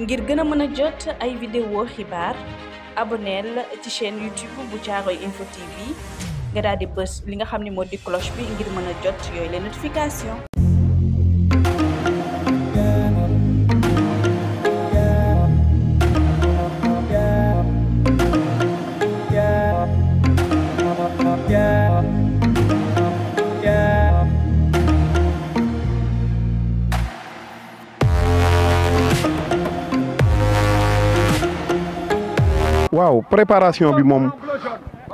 ngir gën a mën a jot ay vidéo xibaar aboneel ci chaîne YouTube bu Caaroy info TV nga daal di bës li nga xam ne moo di cloche bi ngir mën a jot yooyu les notification waaw préparation bi moom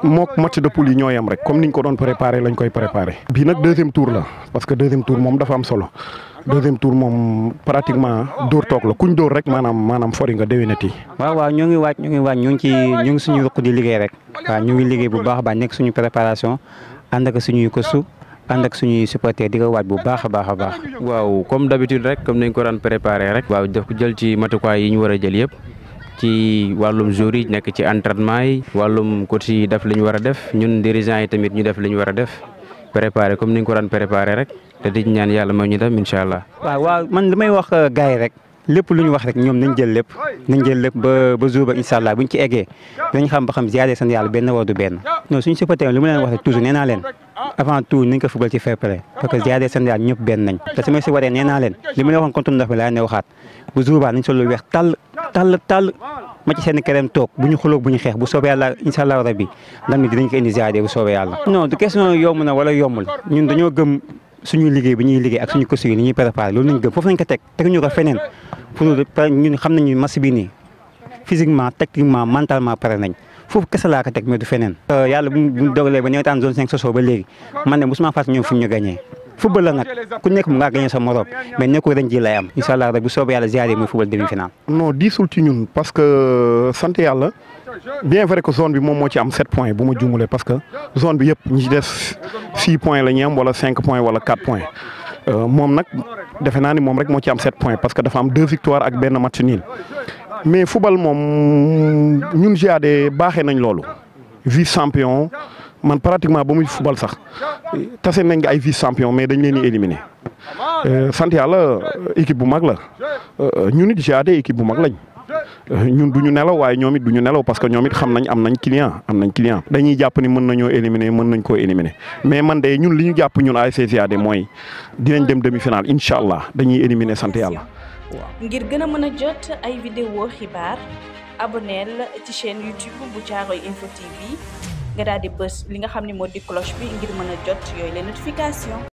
mook match de poule yi ñoo yam rek comme niñ ko doon préparé lañ koy préparé. bi nag deuxième tour la parce que deuxième tour moom dafa am solo deuxième tour moom pratiquement dóor toog la kuñ dóor rek maanaam maanaam fori nga déwénati. waaw waaw ñoo ngi waaj ñu ngi waaj ñu ci ñu ngi suñu rëq di liggéey rek. waaw ñu ngi liggéey bu baax a baax nekk suñu préparation ànd ak suñuy kosu ànd ak suñuy supporter di ko waaj bu baax a baax a baax. waaw comme d'habitude rek comme nañ ko daan préparé rek. waaw def jël ci matukaay yi ñu war a jël yëpp. ci wàllum jour yi nekk ci entraînement yi wàllum coach yi def li ñu war a def ñun dirigeants yi tamit ñu def li ñu def préparé comme ni ñu ko daan préparé rek te di ñaan yàlla mooy ñu dem incha allah. Euh, lu ñu wax rek ñoom nañ jël lépp nañ jël lépp ba ba jour ba incha allah buñ ci eggee dinañ xam ba xam ziare sant leen avant tout nañ ko football ci fair play que ziare sant yàlla ñëpp benn nañ te su ma si waree nee leen li ma leen waxoon contre ndox mi laa ne waxaat bu jour ba nañ solo weex tàll tàll tàll ma ci seen kerem toog bu ñu xuloog bu ñu xeex bu soobee yàlla incha rabbi ndam mi dinañ ko indi ziyaade bu soobee yàlla. non du question yomb na wala yombul ñun dañoo gëm suñu liggéey bi ñuy liggéey ak suñu costume yi li ñuy préparé loolu lañ gëm foofu lañ ko teg teguñu ko feneen pour xam nañu match bi nii physiquement techniquement mentalement pare kese laa ko teg du feneen. Euh, yàlla bu ñu dogalee ba nawetaan zone 5 sosoo ba léegi man de mosuma fàtte ñoom football la nag ku nek mu ngaa gagné sa morop mais nekkul ren ji lay am inshallah rek bu soobee yàlla ziaré muy football demi final. non disul ci ñun parce que euh, sante yàlla bien vrai que zone bi mom mo ci am 7 points bu ma jumulee parce que zone bi yépp ñi des 6 points la ñi am wala 5 points wala 4 points. Euh, moom nag defe naa ni mom rek mo ci am 7 points parce que dafa am deux victoires ak benn match nul mais football mom ñun ziaré baxé nañ lolu vice champion. man pratiquement ba muy football sax tase nañ nga ay vice champion mais dañ leen di éliminer euh, sant yàlla équipe bu mag la euh, ñun it GAD équipe bu mag lañ euh, ñun du ñu nelaw waaye ñoom it du ñu nelaw parce que ñoom it xam nañ am nañ client am nañ client. dañuy jàpp ni mën nañoo éliminer mën nañ koo éliminer mais man de ñun li ñu jàpp ñun ASC GAD mooy dinañ dem demi-finale incha allah dañuy éliminer sant yàlla a YouTube bu Caaroy info nga daal di bës li nga xam ne moo di cloche bi ngir mën a jot yooyu les notification